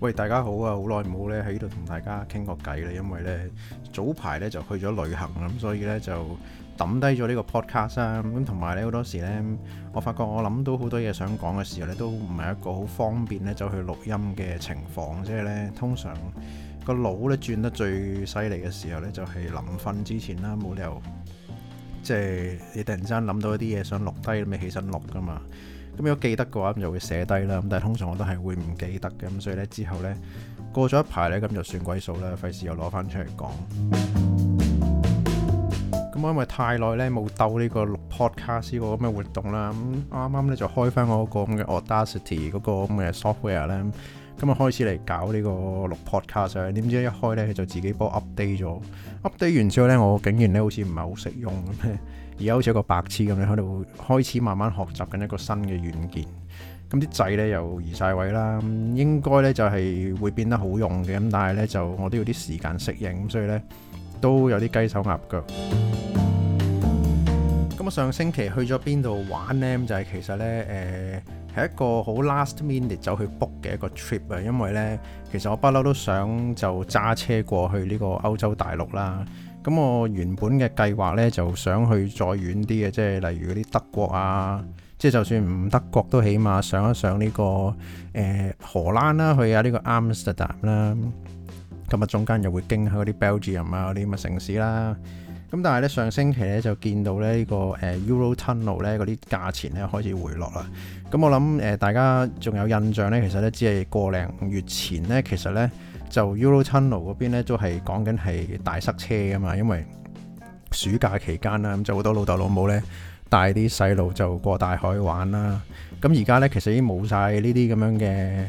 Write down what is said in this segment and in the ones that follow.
喂，大家好啊！好耐冇咧喺度同大家傾個偈啦，因為咧早排咧就去咗旅行咁，所以咧就揼低咗呢個 podcast 咁同埋咧好多時咧，我發覺我諗到好多嘢想講嘅時候咧，都唔係一個好方便咧走去錄音嘅情況，即係咧通常個腦咧轉得最犀利嘅時候咧，就係臨瞓之前啦，冇理由即係你突然間諗到一啲嘢想錄低，咁起身錄噶嘛。咁如果記得嘅話，咁就會寫低啦。咁但係通常我都係會唔記得嘅。咁所以咧，之後咧過咗一排咧，咁就算鬼數啦，費事又攞翻出嚟講。咁 我因為太耐咧，冇鬥呢個錄 podcast 個咁嘅活動啦。咁啱啱咧就開翻我嗰個咁嘅 Audacity 嗰個咁嘅 software 咧，今日開始嚟搞呢個錄 podcast。點知一開咧佢就自己幫我 update 咗。update 完之後咧，我竟然咧好似唔係好識用咁。而家好似一個白痴咁樣喺度開始慢慢學習緊一個新嘅軟件，咁啲掣咧又移晒位啦，應該咧就係會變得好用嘅，咁但係咧就我都要啲時間適應，咁所以咧都有啲雞手鴨腳。咁我上星期去咗邊度玩咧？咁就係、是、其實咧，誒、呃、係一個好 last minute 走去 book 嘅一個 trip 啊，因為咧其實我不嬲都想就揸車過去呢個歐洲大陸啦。咁我原本嘅計劃咧就想去再遠啲嘅，即係例如嗰啲德國啊，即係就算唔德國都起碼上一上呢個、呃、荷蘭啦，去下呢個 Amsterdam 啦。咁我中間又會經下嗰啲 Belgium 啊嗰啲咁嘅城市啦。咁但係咧上星期咧就見到咧呢個、呃、Euro Tunnel 咧嗰啲價錢咧開始回落啦。咁我諗、呃、大家仲有印象咧，其實咧只係過零月前咧，其實咧。就 Euro Channel 嗰邊咧，都係講緊係大塞車噶嘛，因為暑假期間啦，咁就好多老豆老母咧帶啲細路就過大海玩啦。咁而家咧，其實已經冇晒呢啲咁樣嘅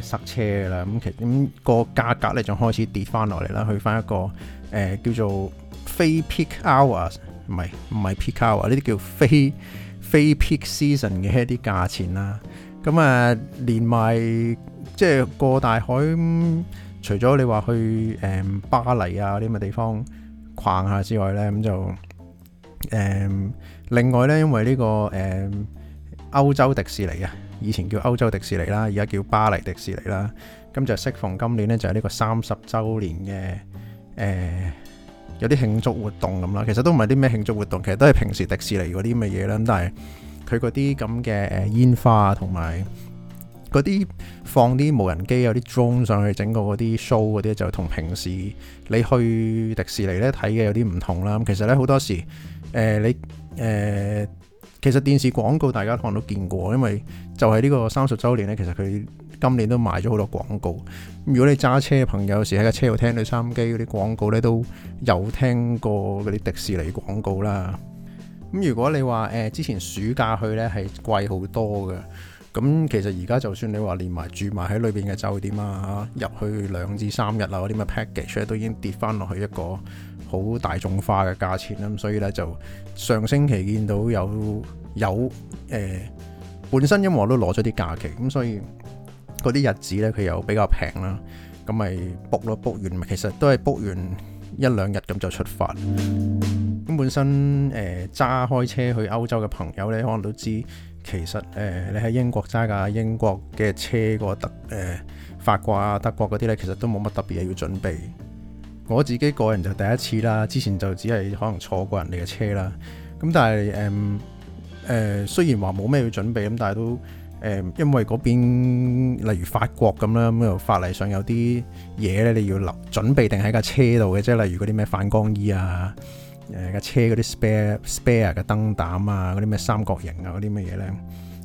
誒塞車噶啦。咁其咁個價格咧，仲開始跌翻落嚟啦，去翻一個誒、呃、叫做非 peak hours，唔係唔係 peak hour 呢啲叫非非 peak season 嘅一啲價錢啦。咁、嗯、啊，連埋。即係過大海，嗯、除咗你話去誒、嗯、巴黎啊啲咁嘅地方逛下之外呢，咁就誒、嗯、另外呢，因為呢、呢個誒、嗯、歐洲迪士尼啊，以前叫歐洲迪士尼啦，而家叫巴黎迪士尼啦，咁就適逢今年呢，就係、是、呢個三十週年嘅誒、呃、有啲慶祝活動咁啦。其實都唔係啲咩慶祝活動，其實都係平時迪士尼嗰啲咁嘅嘢啦。但係佢嗰啲咁嘅誒煙花啊，同埋～嗰啲放啲無人機有啲裝上去整個嗰啲 show 嗰啲，就同平時你去迪士尼咧睇嘅有啲唔同啦。咁其實咧好多時誒、呃、你誒、呃、其實電視廣告大家可能都見過，因為就係呢個三十週年咧，其實佢今年都賣咗好多廣告。如果你揸車嘅朋友有時喺架車度聽收音機嗰啲廣告咧，都有聽過嗰啲迪士尼廣告啦。咁如果你話誒、呃、之前暑假去咧係貴好多嘅。咁其實而家就算你話連埋住埋喺裏邊嘅酒店啊，入去兩至三日啊嗰啲咁嘅 package 咧，都已經跌翻落去一個好大眾化嘅價錢啦。咁所以咧就上星期見到有有誒、呃、本身因為我都攞咗啲假期，咁所以嗰啲日子咧佢又比較平啦，咁咪 book 咯 book 完，其實都係 book 完一兩日咁就出發。咁本身誒揸、呃、開,開車去歐洲嘅朋友咧，可能都知。其實誒、呃，你喺英國揸架，英國嘅車德、呃、法國啊、德國嗰啲咧，其實都冇乜特別嘢要準備。我自己個人就第一次啦，之前就只係可能坐過人哋嘅車啦。咁但係誒誒，雖然話冇咩要準備咁，但係都誒、嗯，因為嗰邊例如法國咁啦，咁又法例上有啲嘢咧，你要留準備定喺架車度嘅，即係例如嗰啲咩反光衣啊。誒架車嗰啲 spare spare 嘅燈膽啊，嗰啲咩三角形啊，嗰啲乜嘢咧，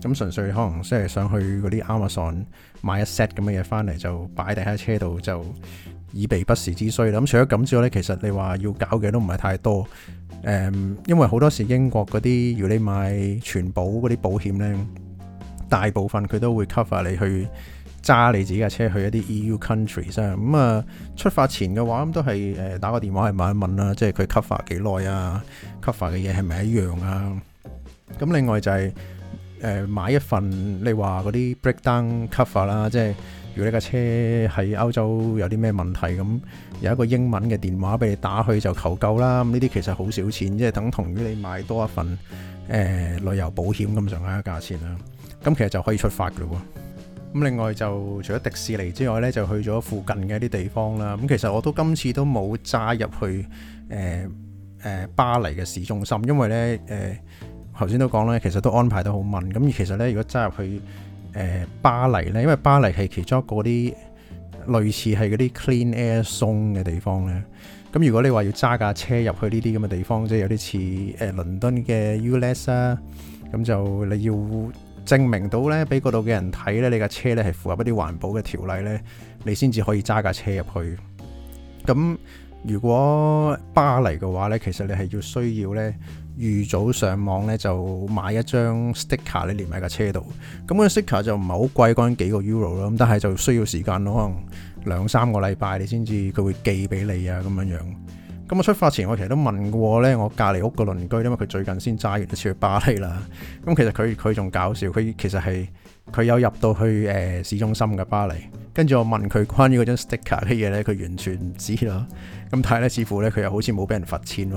咁純粹可能即係想去嗰啲 Amazon 買一 set 咁嘅嘢翻嚟就擺定喺車度，就以備不時之需。咁除咗咁之外咧，其實你話要搞嘅都唔係太多。誒、嗯，因為好多時英國嗰啲，如果你買全保嗰啲保險咧，大部分佢都會 cover 你去。揸你自己架車去一啲 EU countries 咁啊，出發前嘅話，咁都係誒打個電話去問一問啦，即係佢 cover 幾耐啊，cover 嘅嘢係咪一樣啊？咁另外就係、是、誒買一份你話嗰啲 breakdown cover 啦，即係如果你架車喺歐洲有啲咩問題，咁有一個英文嘅電話俾你打去就求救啦。咁呢啲其實好少錢，即係等同於你買多一份誒、呃、旅遊保險咁上下嘅價錢啦。咁其實就可以出發嘅喎。咁另外就除咗迪士尼之外呢，就去咗附近嘅一啲地方啦。咁其實我都今次都冇揸入去誒誒、呃呃、巴黎嘅市中心，因為呢，誒頭先都講啦，其實都安排得好密。咁其實呢，如果揸入去誒、呃、巴黎呢，因為巴黎係其中一個啲類似係嗰啲 clean air zone 嘅地方呢。咁如果你話要揸架車入去呢啲咁嘅地方，即係有啲似誒倫敦嘅 Ulez 啊，咁就你要。證明到咧，俾嗰度嘅人睇咧，你架車咧係符合一啲環保嘅條例咧，你先至可以揸架車入去。咁如果巴黎嘅話咧，其實你係要需要咧預早上網咧就買一張 sticker，你連埋架車度。咁個 sticker 就唔係好貴，講緊幾個歐羅咯。咁但係就需要時間咯，可能兩三個禮拜你先至佢會寄俾你啊，咁樣樣。咁我出發前我其實都問過咧，我隔離屋個鄰居，因為佢最近先揸完一次去巴黎啦。咁其實佢佢仲搞笑，佢其實係佢有入到去、呃、市中心嘅巴黎。跟住我問佢關於嗰張 sticker 啲嘢咧，佢完全唔知啦。咁但係咧，似乎咧佢又好似冇俾人罰錢喎。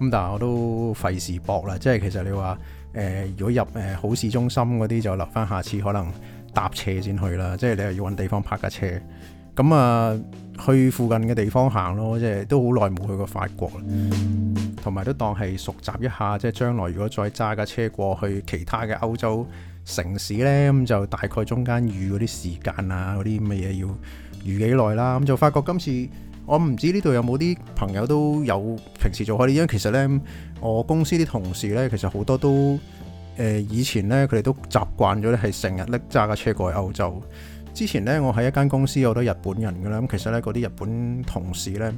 咁但係我都費事博啦。即係其實你話誒、呃，如果入、呃、好市中心嗰啲就留翻下，下次可能搭車先去啦。即係你又要揾地方泊架車。咁啊，去附近嘅地方行咯，即係都好耐冇去過法國啦，同埋都當係熟習一下，即係將來如果再揸架車過去其他嘅歐洲城市咧，咁就大概中間預嗰啲時間啊，嗰啲咩嘢要預幾耐啦。咁就發覺今次我唔知呢度有冇啲朋友都有平時做開呢，因為其實咧我公司啲同事咧，其實好多都誒以前咧佢哋都習慣咗咧係成日拎揸架車過去歐洲。之前咧，我喺一間公司有好多日本人嘅啦。咁其實咧，嗰啲日本同事咧，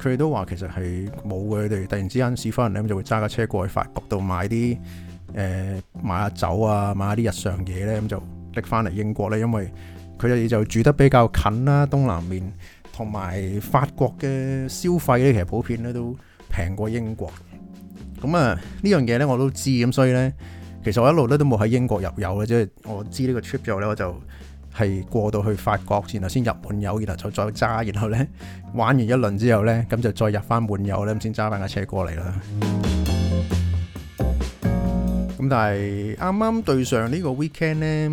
佢哋都話其實係冇嘅。佢哋突然之間辭翻嚟，咁就會揸架車過去法國度買啲誒、呃、買下酒啊，買下啲日常嘢咧，咁就拎翻嚟英國咧。因為佢哋就住得比較近啦，東南面同埋法國嘅消費咧，其實普遍咧都平過英國。咁啊，呢樣嘢咧我都知。咁所以咧，其實我一路咧都冇喺英國入油嘅，即係我知呢個 trip 之後咧，我就，係過到去法國，然後先入滿油，然後就再揸，然後咧玩完一輪之後咧，咁就再入翻滿油咧，咁先揸翻架車過嚟啦。咁但係啱啱對上呢個 weekend 咧，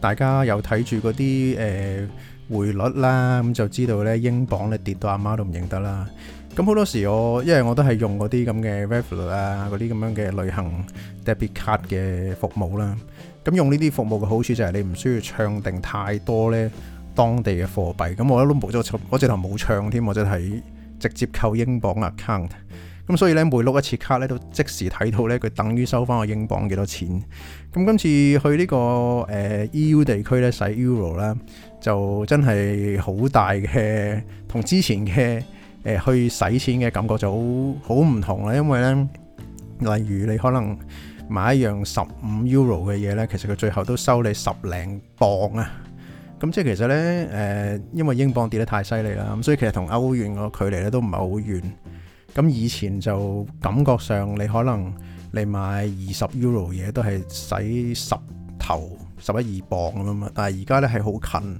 大家有睇住嗰啲誒匯率啦，咁就知道咧英鎊咧跌到阿媽都唔認得啦。咁好多時我因為我都係用嗰啲咁嘅 Revolut 啊，嗰啲咁樣嘅旅行 debit card 嘅服務啦。咁用呢啲服務嘅好處就係你唔需要唱定太多呢，當地嘅貨幣。咁我呢都冇咗，我直頭冇唱添，我即係直接扣英鎊 account。咁所以呢，每碌一次卡呢，都即時睇到呢，佢等於收翻個英鎊幾多錢。咁今次去呢、這個誒、呃、EU 地區呢，使 Euro 啦，就真係好大嘅，同之前嘅誒、呃、去使錢嘅感覺就好好唔同啦。因為呢，例如你可能買一樣十五 Euro 嘅嘢呢，其實佢最後都收你十零磅啊！咁即係其實呢，誒、呃，因為英鎊跌得太犀利啦，咁所以其實同歐元個距離咧都唔係好遠。咁以前就感覺上你可能你買二十 Euro 嘢都係使十頭十一二磅咁啊嘛，但係而家呢係好近。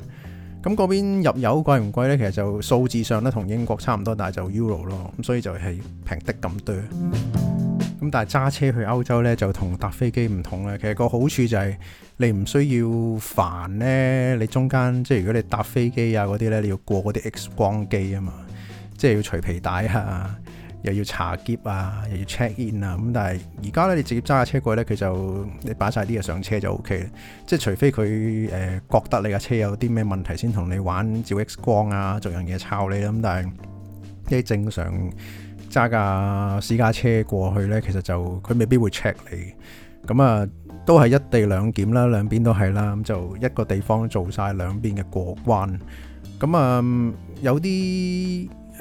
咁嗰邊入油貴唔貴呢？其實就數字上呢，同英國差唔多，但係就 Euro 咯，咁所以就係平的咁多。咁但係揸車去歐洲咧，就同搭飛機唔同啦。其實個好處就係你唔需要煩咧，你中間即係如果你搭飛機啊嗰啲咧，你要過嗰啲 X 光機啊嘛，即係要除皮帶啊，又要查劫啊，又要 check in 啊。咁但係而家咧，你直接揸架車過去咧，佢就你擺晒啲嘢上車就 OK 啦。即係除非佢誒、呃、覺得你架車有啲咩問題，先同你玩照 X 光啊，做樣嘢抄你啦。咁但係啲正常。揸架私家車過去呢，其實就佢未必會 check 你。咁啊，都係一地兩檢啦，兩邊都係啦。咁就一個地方做晒兩邊嘅過關。咁啊，有啲誒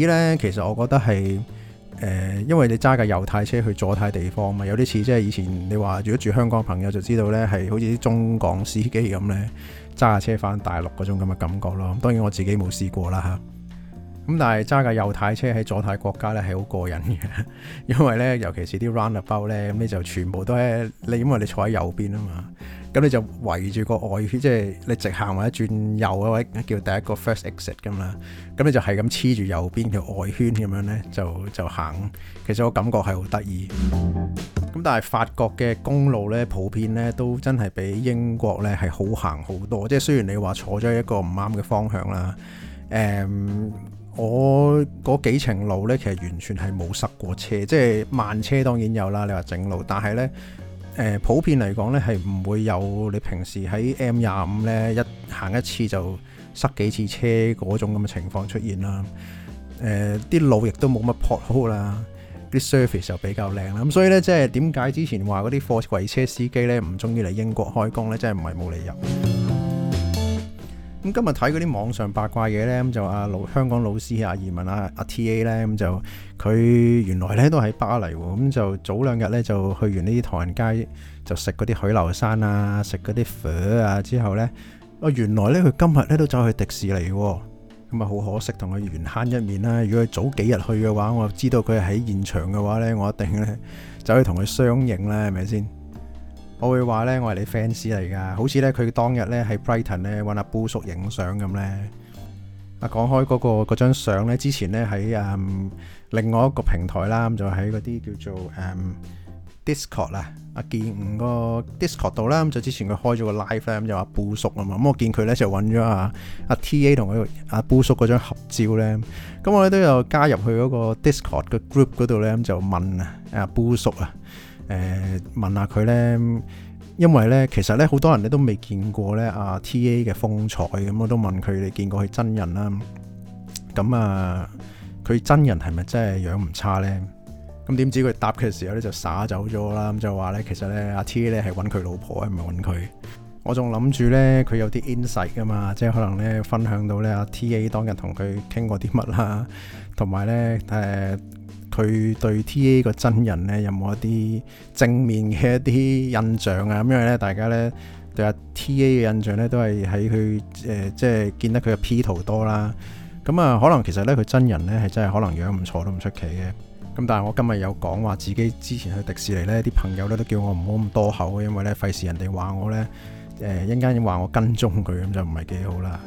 似呢，其實我覺得係誒、呃，因為你揸架右軚車去左軚地方嘛，有啲似即係以前你話如果住香港朋友就知道呢，係好似啲中港司機咁呢，揸架車翻大陸嗰種咁嘅感覺咯。當然我自己冇試過啦嚇。咁但係揸架右軚車喺左軚國家咧，係好過癮嘅，因為咧尤其是啲 roundabout 咧，咁你就全部都係你，因為你坐喺右邊啊嘛，咁你就圍住個外圈，即係你直行或者轉右或者叫第一個 first exit 咁啦，咁你就係咁黐住右邊條外圈咁樣咧，就就行。其實我感覺係好得意。咁但係法國嘅公路咧，普遍咧都真係比英國咧係好行好多，即係雖然你話坐咗一個唔啱嘅方向啦，誒、嗯。我嗰幾程路呢，其實完全係冇塞過車，即係慢車當然有啦。你話整路，但係呢，誒、呃、普遍嚟講呢，係唔會有你平時喺 M 廿五呢一行一次就塞幾次車嗰種咁嘅情況出現啦。誒、呃、啲路亦都冇乜 pothole 啦，啲 surface 就比較靚啦。咁所以呢，即係點解之前話嗰啲貨櫃車司機呢唔中意嚟英國開工呢？真係唔係冇理由。咁今日睇嗰啲網上八卦嘢呢，咁就阿老香港老師阿移民、阿阿 T A 呢，咁就佢原來呢都喺巴黎喎，咁就早兩日呢，就去完呢啲唐人街，就食嗰啲許留山啊，食嗰啲火啊之後呢，哦原來呢，佢今日呢都走去迪士尼喎，咁啊好可惜同佢緣慳一面啦。如果佢早幾日去嘅話，我知道佢喺現場嘅話呢，我一定呢走去同佢相認啦，係咪先？我會話咧，我係你 fans 嚟噶，好似咧佢當日咧喺 Brighton 咧揾阿 Bo 叔影相咁咧。啊、那個，講開嗰個嗰張相咧，之前咧喺誒另外一個平台啦，咁就喺嗰啲叫做誒、嗯、Discord 啊，阿健個 Discord 度啦，咁就之前佢開咗個 live 咁就話 Bo 叔啊嘛，咁我見佢咧就揾咗阿阿 TA 同佢阿 Bo 叔嗰張合照咧，咁我咧都有加入去嗰個 Discord 個 group 嗰度咧，咁就問阿 Bo 叔啊。誒、呃、問下佢咧，因為咧其實咧好多人咧都未見過咧阿、啊、T A 嘅風采，咁、嗯、我都問佢，你見過佢真人啦？咁、嗯、啊，佢真人係咪真係樣唔差咧？咁、嗯、點知佢答佢嘅時候咧就耍走咗啦，咁、嗯、就話、是、咧其實咧阿 T A 咧係揾佢老婆，唔係揾佢。我仲諗住咧佢有啲 insight 㗎嘛，即係可能咧分享到咧阿、啊、T A 當日同佢傾過啲乜啦，同埋咧誒。呃佢對 TA 個真人呢，有冇一啲正面嘅一啲印象啊？咁因為咧，大家呢，對阿 TA 嘅印象呢，都係喺佢誒，即係見得佢嘅 P 圖多啦。咁、嗯、啊，可能其實呢，佢真人呢，係真係可能樣唔錯都唔出奇嘅。咁、嗯、但係我今日有講話自己之前去迪士尼呢，啲朋友呢，都叫我唔好咁多口，因為呢，費事人哋話我呢，誒一陣間話我跟蹤佢咁就唔係幾好啦。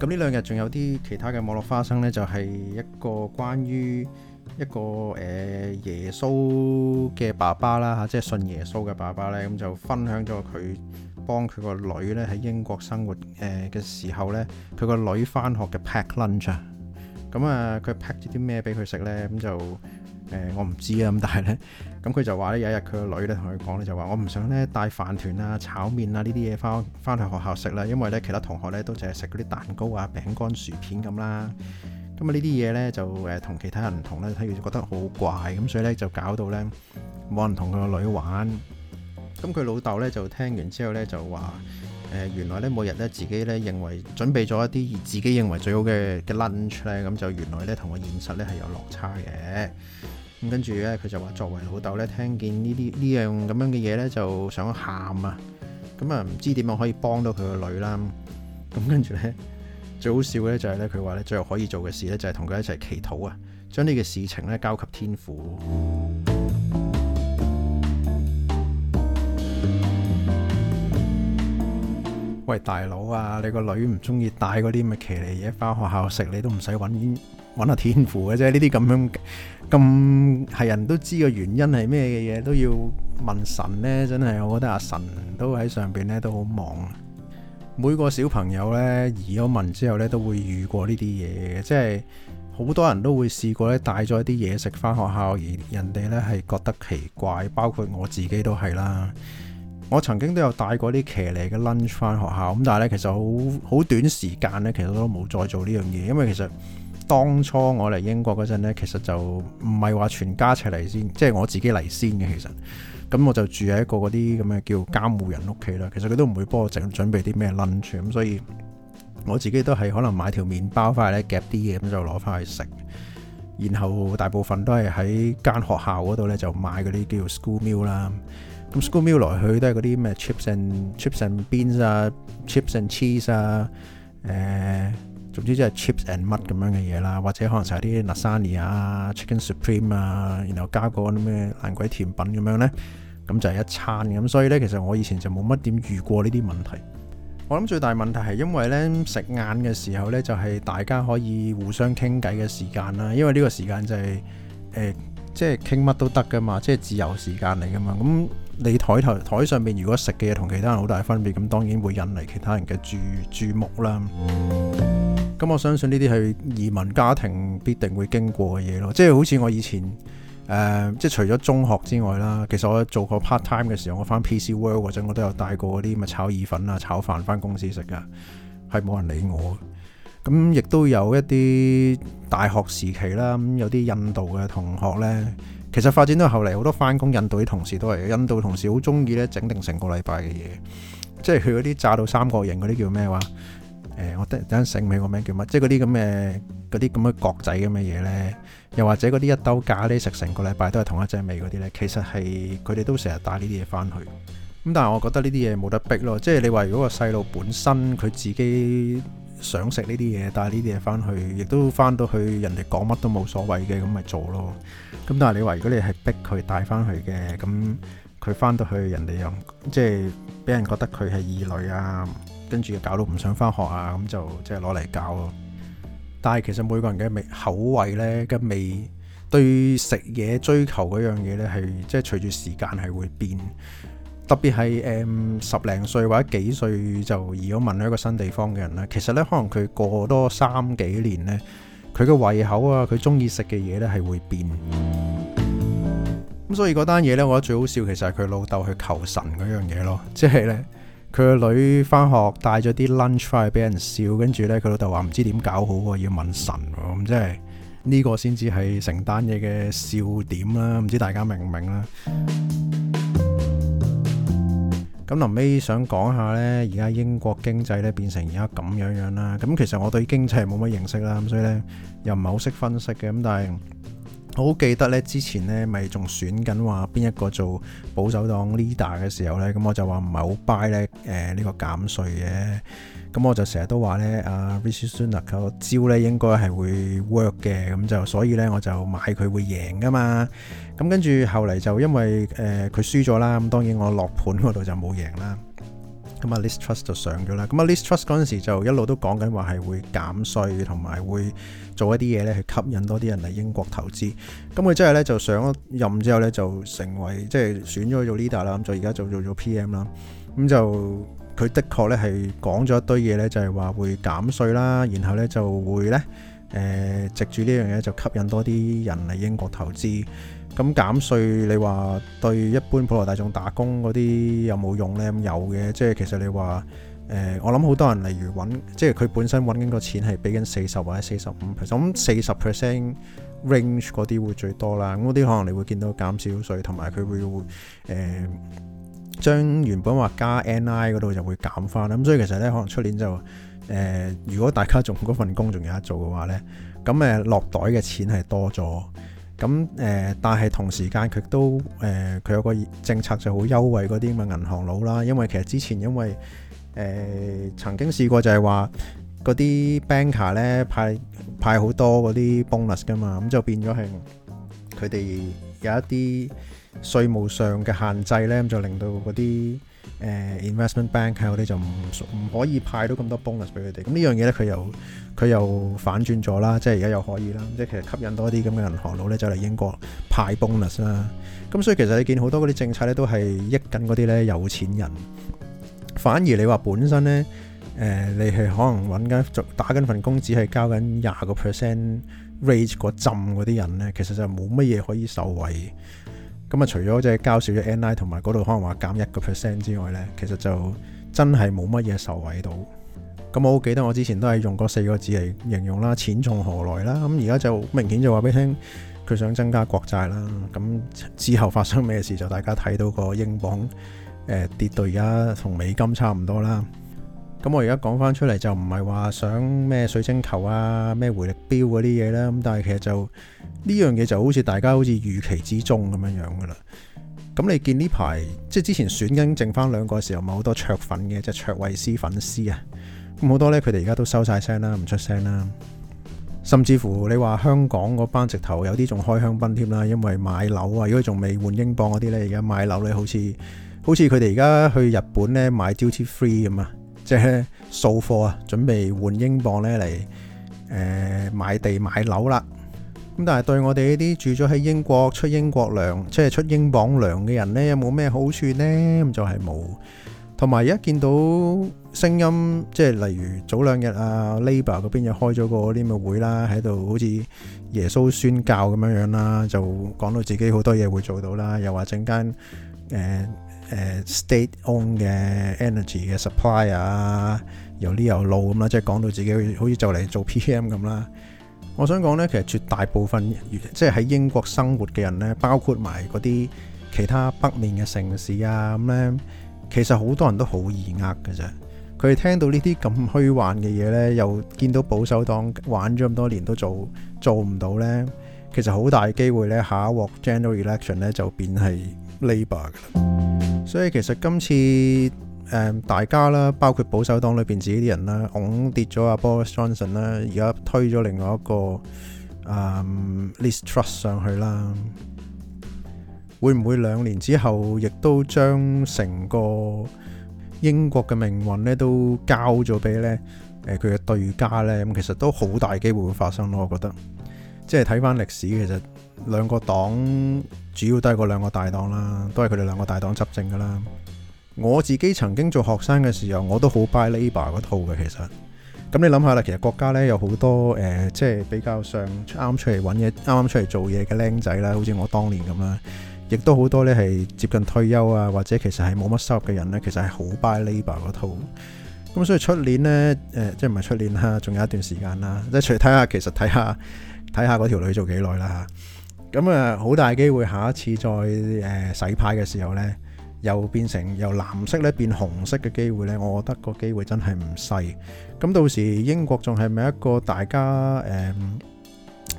咁呢兩日仲有啲其他嘅網絡花生呢，就係一個關於一個誒耶穌嘅爸爸啦嚇，即係信耶穌嘅爸爸呢，咁就分享咗佢幫佢個女呢喺英國生活誒嘅時候呢，佢個女返學嘅 pack lunch，咁啊佢 pack 咗啲咩俾佢食呢，咁就。誒我唔知啊，咁但係咧，咁佢就話咧有一日佢個女咧同佢講咧就話我唔想咧帶飯團啊、炒麵啊呢啲嘢翻翻去學校食啦，因為咧其他同學咧都淨係食嗰啲蛋糕啊、餅乾、薯片咁啦。咁啊呢啲嘢咧就誒同其他人唔同咧，佢覺得好怪咁，所以咧就搞到咧冇人同佢個女玩。咁佢老豆咧就聽完之後咧就話誒原來咧每日咧自己咧認為準備咗一啲自己認為最好嘅嘅 lunch 咧，咁就原來咧同個現實咧係有落差嘅。跟住咧，佢就話：作為老豆咧，聽見呢啲呢樣咁樣嘅嘢咧，就想喊啊！咁、嗯、啊，唔知點樣可以幫到佢個女啦。咁、嗯、跟住咧，最好笑嘅咧就係咧，佢話咧，最後可以做嘅事咧就係同佢一齊祈禱啊，將呢個事情咧交給天父。喂，大佬啊，你個女唔中意帶嗰啲咁嘅騎呢嘢返學校食，你都唔使揾揾下天父嘅啫，呢啲咁樣。咁係人都知嘅原因係咩嘅嘢都要問神呢。真係我覺得阿神都喺上面咧都好忙。每個小朋友呢，移咗民之後呢，都會遇過呢啲嘢嘅，即係好多人都會試過呢，帶咗啲嘢食翻學校，而人哋呢係覺得奇怪，包括我自己都係啦。我曾經都有帶過啲騎呢嘅 lunch 翻學校，咁但係呢，其實好好短時間呢，其實都冇再做呢樣嘢，因為其實。當初我嚟英國嗰陣咧，其實就唔係話全家齊嚟先，即係我自己嚟先嘅。其實，咁我就住喺一個嗰啲咁嘅叫監護人屋企啦。其實佢都唔會幫我整準備啲咩 lunch，咁所以我自己都係可能買一條麵包翻嚟夾啲嘢咁就攞翻去食。然後大部分都係喺間學校嗰度咧就買嗰啲叫 school meal 啦。咁 school meal 來去都係嗰啲咩 chips and chips and beans 啊，chips and cheese 啊，誒、呃。總之即係 chips and 乜咁樣嘅嘢啦，或者可能就係啲 lasagna 啊、chicken supreme 啊，然後加嗰啲咩爛鬼甜品咁樣呢。咁就係一餐咁。所以呢，其實我以前就冇乜點遇過呢啲問題。我諗最大問題係因為呢，食晏嘅時候呢，就係大家可以互相傾偈嘅時間啦。因為呢個時間就係誒即係傾乜都得噶嘛，即係自由時間嚟噶嘛。咁你台頭台上面如果食嘅嘢同其他人好大分別，咁當然會引嚟其他人嘅注注目啦。咁我相信呢啲係移民家庭必定會經過嘅嘢咯，即係好似我以前誒、呃，即係除咗中學之外啦，其實我做過 part time 嘅時候，我翻 PC World 嗰陣，我都有帶過嗰啲咪炒意粉啊、炒飯翻公司食噶，係冇人理我。咁亦都有一啲大學時期啦，咁有啲印度嘅同學呢，其實發展到後嚟好多翻工印度啲同事都係，印度同事好中意呢整定成個禮拜嘅嘢，即係佢嗰啲炸到三角形嗰啲叫咩話？誒，我等等陣醒起個名叫乜？即係嗰啲咁嘅，嗰啲咁嘅角仔咁嘅嘢咧，又或者嗰啲一兜咖喱食成個禮拜都係同一隻味嗰啲咧，其實係佢哋都成日帶呢啲嘢翻去。咁但係我覺得呢啲嘢冇得逼咯，即係你話如果個細路本身佢自己想食呢啲嘢，帶呢啲嘢翻去，亦都翻到去人哋講乜都冇所謂嘅，咁咪做咯。咁但係你話如果你係逼佢帶翻去嘅，咁佢翻到去人哋又即係俾人覺得佢係異類啊？跟住搞到唔想返學啊，咁就即係攞嚟搞咯。但係其實每個人嘅味口味呢，嘅味對食嘢追求嗰樣嘢呢，係即係隨住時間係會變。特別係誒十零歲或者幾歲就移咗民去一個新地方嘅人啦。其實呢，可能佢過多三幾年呢，佢嘅胃口啊，佢中意食嘅嘢呢係會變。咁所以嗰單嘢呢，我覺得最好笑其實係佢老豆去求神嗰樣嘢咯，即係呢。佢個女返學帶咗啲 lunch 翻去俾人笑，跟住呢，佢老豆話唔知點搞好喎，要問神喎，咁即係呢個先至係成單嘢嘅笑點啦，唔知大家明唔明啦？咁臨尾想講下呢，而家英國經濟咧變成而家咁樣樣啦，咁其實我對經濟係冇乜認識啦，咁所以呢，又唔係好識分析嘅，咁但係。我好記得咧，之前咧咪仲選緊話邊一個做保守黨 leader 嘅時候咧，咁我就話唔係好 buy 咧，誒呢個減稅嘅，咁我就成日都話咧，啊 Rishi Sunak 個招咧應該係會 work 嘅，咁就所以咧我就買佢會贏噶嘛，咁跟住後嚟就因為誒佢輸咗啦，咁當然我落盤嗰度就冇贏啦。咁啊，List Trust 就上咗啦。咁啊，List Trust 嗰陣時就一路都講緊話係會減稅同埋會做一啲嘢咧，去吸引多啲人嚟英國投資。咁佢真係咧就上咗任之後咧，就成為即係、就是、選咗做 leader 啦。咁就而家就做咗 PM 啦。咁就佢的確咧係講咗一堆嘢咧，就係、是、話會減稅啦，然後咧就會咧誒、呃、藉住呢樣嘢就吸引多啲人嚟英國投資。咁減稅，你話對一般普羅大眾打工嗰啲有冇用呢？咁有嘅，即係其實你話，誒，我諗好多人，例如揾，即係佢本身揾緊個錢係俾緊四十或者四十五 percent，咁四十 percent range 嗰啲會最多啦。咁嗰啲可能你會見到減少稅，同埋佢會誒將原本話加 NI 嗰度就會減翻啦。咁所以其實呢，可能出年就誒，如果大家仲嗰份工仲有得做嘅話呢，咁誒落袋嘅錢係多咗。咁誒、呃，但係同時間佢都誒，佢、呃、有個政策就好優惠嗰啲咁嘅銀行佬啦。因為其實之前因為誒、呃、曾經試過就係話嗰啲 banker 咧派派好多嗰啲 bonus 噶嘛，咁就變咗係佢哋有一啲稅務上嘅限制咧，咁就令到嗰啲。誒、uh, investment bank 嗰、uh, 啲就唔唔可以派到咁多 bonus 俾佢哋，咁呢樣嘢咧佢又佢又反轉咗啦，即係而家又可以啦，即係其實吸引多啲咁嘅銀行佬咧就嚟英國派 bonus 啦，咁所以其實你見好多嗰啲政策咧都係益緊嗰啲咧有錢人，反而你話本身咧誒、呃、你係可能揾緊打緊份工，只係交緊廿個 percent rate 嗰浸嗰啲人咧，其實就冇乜嘢可以受惠。咁啊，除咗即係交少咗 NI 同埋嗰度可能話減一個 percent 之外呢，其實就真係冇乜嘢受惠到。咁我好記得我之前都係用過四個字嚟形容啦，錢從何來啦。咁而家就明顯就話俾你聽佢想增加國債啦。咁之後發生咩事就大家睇到個英鎊跌到而家同美金差唔多啦。咁我而家講翻出嚟就唔係話想咩水晶球啊，咩回力標嗰啲嘢啦。咁但係其實就呢樣嘢就好似大家好似預期之中咁樣樣噶啦。咁你見呢排即係之前選緊，剩翻兩個時候，咪好多卓粉嘅，即係卓慧斯粉絲啊。咁好多呢，佢哋而家都收曬聲啦，唔出聲啦。甚至乎你話香港嗰班直頭有啲仲開香檳添啦，因為買樓啊，如果仲未換英鎊嗰啲呢，而家買樓呢，好似好似佢哋而家去日本呢買 Duty Free 咁啊。即係掃貨啊，準備換英鎊呢嚟誒買地買樓啦。咁但係對我哋呢啲住咗喺英國出英國糧，即係出英鎊糧嘅人呢，有冇咩好處呢？咁就係冇。同埋而家見到聲音，即係例如早兩日啊，Labour 嗰邊又開咗個啲乜會啦，喺度好似耶穌宣教咁樣樣啦，就講到自己好多嘢會做到啦，又話陣間誒。誒 state-owned 嘅 energy 嘅 supplier 啊，由呢又路咁啦，即係講到自己好似就嚟做 PM 咁啦。我想講呢，其實絕大部分即係喺英國生活嘅人呢，包括埋嗰啲其他北面嘅城市啊，咁呢，其實好多人都好易呃嘅啫。佢哋聽到呢啲咁虛幻嘅嘢呢，又見到保守黨玩咗咁多年都做做唔到呢。其實好大機會呢，下一鑊 general election 呢，就變係 Labour 嘅。所以其實今次誒大家啦，包括保守黨裏邊自己啲人啦，拱跌咗阿 Boris Johnson 啦，而家推咗另外一個誒、嗯、Liz Truss 上去啦，會唔會兩年之後亦都將成個英國嘅命運咧都交咗俾咧誒佢嘅對家咧？咁其實都好大機會會發生咯，我覺得。即係睇翻歷史，其實。兩個黨主要都係嗰兩個大黨啦，都係佢哋兩個大黨執政㗎啦。我自己曾經做學生嘅時候，我都好 buy Labour 嗰套嘅。其實咁你諗下啦，其實國家呢有好多誒、呃，即係比較上啱出嚟揾嘢，啱啱出嚟做嘢嘅僆仔啦，好似我當年咁啦，亦都好多呢係接近退休啊，或者其實係冇乜收入嘅人呢，其實係好 buy Labour 嗰套。咁所以出年呢，誒、呃，即係唔係出年啦，仲有一段時間啦，即係除咗睇下，其實睇下睇下嗰條女做幾耐啦咁啊，好、嗯、大機會下一次再誒、呃、洗牌嘅時候呢，又變成由藍色咧變紅色嘅機會呢。我覺得個機會真係唔細。咁、嗯、到時英國仲係咪一個大家誒、嗯、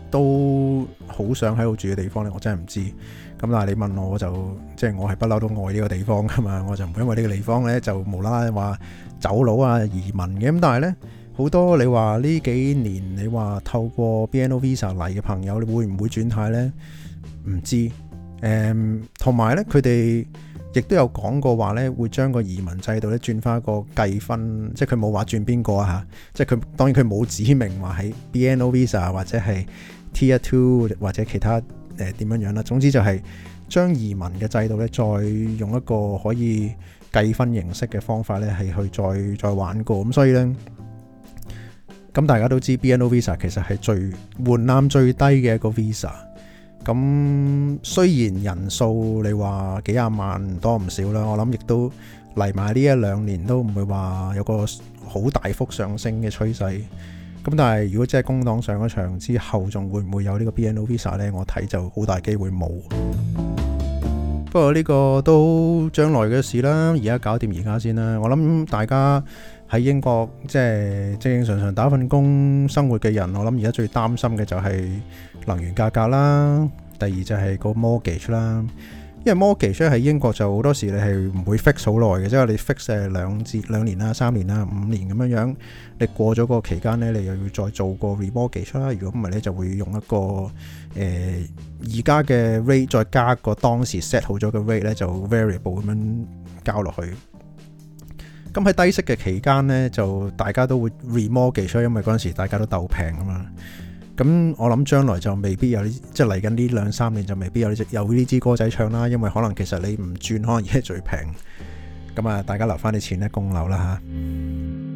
都好想喺度住嘅地方呢？我真係唔知。咁、嗯、但係你問我就，就即、是、係我係不嬲都愛呢個地方噶嘛，我就唔會因為呢個地方呢，就無啦啦話走佬啊移民嘅。咁、嗯、但係呢。好多你話呢幾年，你話透過 BNO Visa 嚟嘅朋友，你會唔會轉態呢？唔知誒，同、嗯、埋呢，佢哋亦都有講過話呢，會將個移民制度咧轉翻一個計分，即係佢冇話轉邊個啊？嚇，即係佢當然佢冇指明話喺 BNO Visa 或者係 Tier two 或者其他誒點、呃、樣樣啦。總之就係將移民嘅制度呢，再用一個可以計分形式嘅方法呢，係去再再玩過咁，所以呢。咁大家都知，BNO Visa 其實係最門檻最低嘅一個 Visa。咁雖然人數你話幾廿萬多唔少啦，我諗亦都嚟埋呢一兩年都唔會話有個好大幅上升嘅趨勢。咁但係如果真係工黨上咗場之後，仲會唔會有呢個 BNO Visa 呢？我睇就好大機會冇。不過呢個都將來嘅事啦，而家搞掂而家先啦。我諗大家，喺英國即係正正常常打份工生活嘅人，我諗而家最擔心嘅就係能源價格啦。第二就係個 mortgage 啦，因為 mortgage 喺英國就好多時你係唔會 fix 好耐嘅，即係你 fix 兩至兩年啦、三年啦、五年咁樣樣。你過咗個期間呢，你又要再做個 remortgage 啦。如果唔係，你就會用一個誒而家嘅 rate 再加個當時 set 好咗嘅 rate 呢，就 variable 咁樣交落去。咁喺低息嘅期間呢，就大家都會 re-mortgage 嘅，所以因為嗰陣時大家都鬥平啊嘛。咁我諗將來就未必有呢，即係嚟緊呢兩三年就未必有呢隻有呢支歌仔唱啦，因為可能其實你唔轉，可能而家最平。咁啊，大家留翻啲錢咧供樓啦嚇。